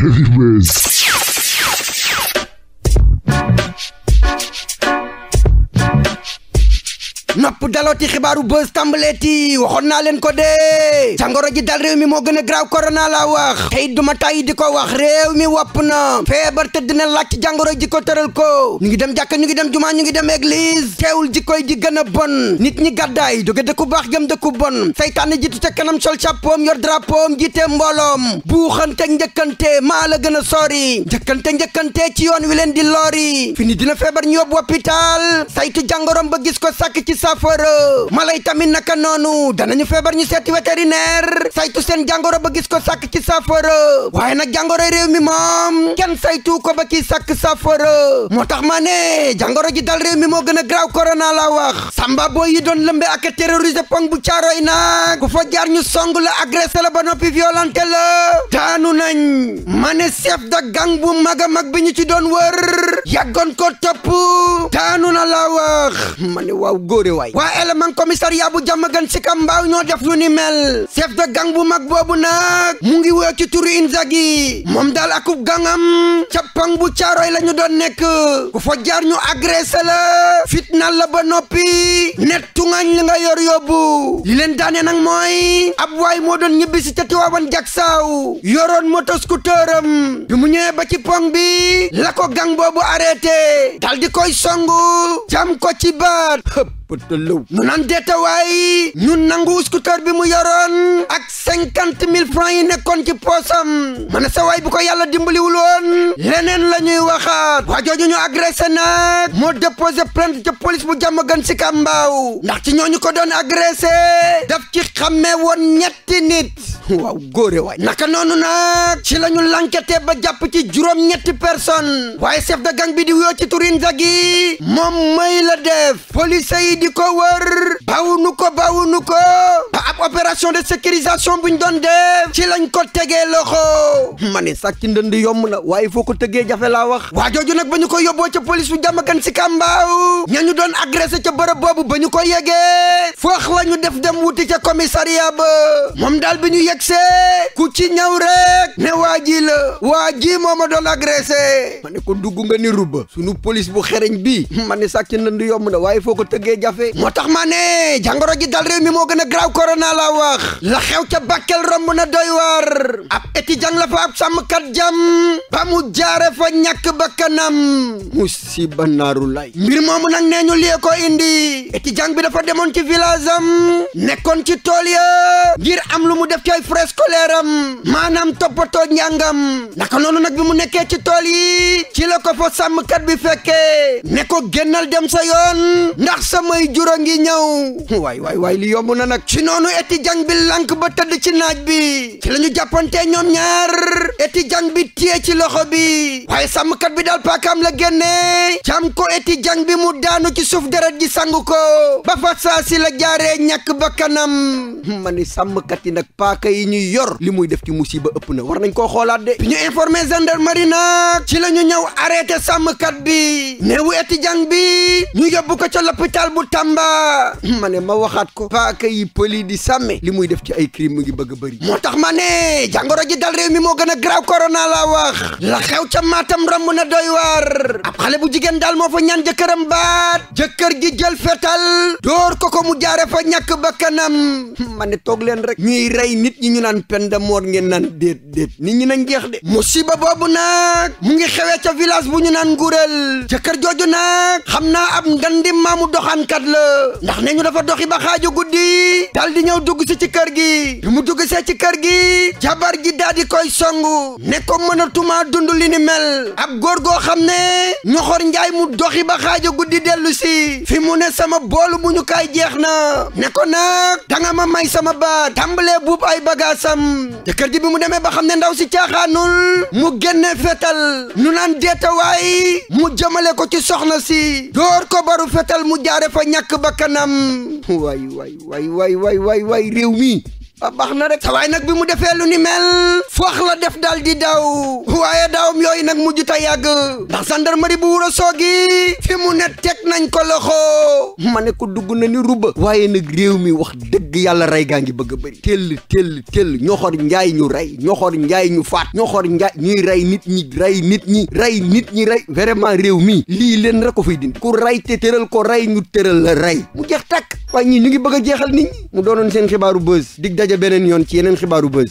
Heavyweights. nopp dalooti xibaaru buzz tàmbaleeti waxoon naa leen ko dee jàngoro ji dal réew mi moo gën a graaw korona la wax tey duma tàyyi di ko wax réew mi wopp na feebar tëdd na laaj jàngoro ji ko tëral ko ñu ngi dem jàkka ñu ngi dem jumaa ñu ngi dem église teewul ji koy di gën a bon nit ñi gàddaay jóge dëkku baax jëm dëkku bon saytaane jiitu ca kanam sol chapeau yor drapeau jiite mbooloom buuxante njëkkante maa la gën a sori njëkkante njëkkante ci yoon leen di lori fini dina feebar ñu yóbbu hôpital saytu jàngoroom ba gis ko sàkk saafara mala yi tamit naka noonu danañu feebar ñu seeti vétérinaire saytu seen jàngoro ba gis ko sàkk ci saafara waaye nag jàngoro réew mi moom kenn saytu ko ba kii sàkk saafara moo tax maa ne jàngoro ji dal réew mi moo gën a graaw corona laa wax samba boo yi doon lëmbe ak terroriser pong bu caaroy nag ku fa ñu song la agressé ba noppi violenté la daanu nañ ma ne chef de gang bu mag a mag bi ñu ci doon wër yàggoon ko topp daanu na laa wax ma ne waaw waay waa élément commissariat bu jàmmagan si kam mbaaw ñoo def lu ni mel chef de gang bu mag boobu nag mu ngi woo ci turu Inzaghi moom daal akub gangam cappang bu caaroy la ñu doon nekk ku fa jaar ñu agressé la la ba noppi nettu ngañ li nga yor yóbbu li leen daane nag mooy ab waay moo doon ñibbi si ca Tiwaawan jak saaw yoroon moto scooter bi mu ñëwee ba ci pont bi la gang boobu arrêté dal koy songu jam ko ci baat pëtëlëw nu nan deete waay ñu nangu scooter bi mu yoroon ak cinquante mille francs yi nekkoon ci poosam ma ne sa waay ko yàlla dimbaliwul woon leneen la ñuy waxaat waa jooju ñu agressé nag moo déposé plainte ca police bu jàmm gën si kàmbaaw ndax ci ñooñu ko doon agressé daf ci xammee woon ñetti nit waaw góore waay naka noonu nag ci lañu ñu lankete ba jàpp ci juróom ñetti personne waaye chef de gang bi di wuyoo ci turin zagi moom may def police yi di ko wër bawunu ko bawunu ko ba ab opération de sécurisation ñu doon def ci lañ ko tegee loxo ma ne sàcc ndënd yomb na waaye foo ko tegee jafe laa wax waa jooju nag ba ñu ko yóbboo ca police bu jàmmakan si kàmbaaw ñu doon agressé ca bërëb boobu ba ñu ko yegee foox la ñu def dem wuti ca commissariat ba moom daal bi ñu yegsee ku ci ñaw rek ne waa la waa ji moo doon agressé ma ko dugg nga ni ruba sunu police bu xereñ bi ma ne sàcc ndënd yomb na waaye foo ko tegee jafe moo tax ma ne jàngoro ji dal réew mi moo gën a graaw korona la wax la xew ca Bakel romb na doy waar ab étudiant la fa ab sàmmkat jam ba mu jaare fa ñàkk bakkanam musiba naaru lay mbir moomu nag nee ñu liyee ko indi étudiant bi dafa demoon ci village am nekkoon ci tool ya ngir am lu mu def ci ay frais scolaire am maanaam toppatoo njàngam naka noonu nag bi mu nekkee ci tool yi ci la ko fa sàmmkat bi fekkee ne ko dem sa yoon ndax sama way jura ngi ñëw waay waay waay li yomb na nag ci noonu eti jang bi lànk ba tëdd ci naaj bi ci la ñu jàppantee ñoom ñaar eti jang bi téye ci loxo bi waaye sàmmkat bi daal paakaam la génnee jam ko eti jang bi mu daanu ci suuf deret gi sangu ko ba fa saa si la jaaree ñàkk ba kanam ma ni sàmmkat yi nag paaka yi ñu yor li muy def ci musiba ëpp na war nañ koo xoolaat de bi ñu informé gendarmerie nag ci la ñu ñëw arrêté sàmmkat bi néewu eti jang bi ñu yóbbu bu Tamba ma ne ma waxaat ko paaka yi pëli di sàmme li muy def ci ay crime mu ngi bëgg bëri moo tax ma ne jàngoro ji dal réew mi moo gën a graaw corona laa wax la xew ca Matam romb na doy waar ab xale bu jigéen daal moo fa ñaan jëkkëram baat jëkkër gi jël fetal door ko ko mu jaare fa ñàkk bakkanam ma ne toog leen rek ñuy rey nit ñu ñu nan peine de mort ngeen naan déet déet nit ñi na njeex de musiba boobu nag mu ngi xewee ca village bu ñu naan Ngurel jëkkër jooju nag xam naa kat la ndax ne ñu dafa doxi ba xaaju guddi dal di ñëw dugg si ci kër gi bi mu dugg see ci kër gi jabar ji daal di koy songu ne ko mënatumaa dund li ni mel ab góor goo xam ne ñoxor njaay mu doxi ba xaaju guddi dellu si fi mu ne sama boolu bu ñu kaay jeex na ne ko nag danga ma may sama baat tàmbalee buub ay bagaasam te kër gi bi mu demee ba xam ne ndaw si caaxaanul mu génne fetal nu naan deetawaay mu jëmale ko ci soxna si door ko baru fetal mu jaare fa ñàkk bakkanam waay waay waay waay waay waay réew mi baax na rek sawaay nag bi mu defee lu ni mel foox la def daal di daw waaye daawam yooyu nag mujj ta yàgg ndax gendarmerie bu wuro soogi fi mu ne teg nañ ko loxo ma ne ko dugg na ni ruba waaye nag réew mi wax dëgg yàlla rey gaa ngi bëgg a bëri tell tël tell ñoxor njaay ñu rey ñoxor njaay ñu faat ñoxor njaay ñuy ray nit ñi rey nit ñi rey nit ñi rey vraiment réew mi lii len rek ko fiy dindi ku ray te tëral ko rey ñu tëral la rey mu jeex takk waaye ñii ñu ngi bëgg a jeexal nit ñi mu doonoon seen xibaaru buzz dig daje beneen yoon ci yeneen xibaaru buzz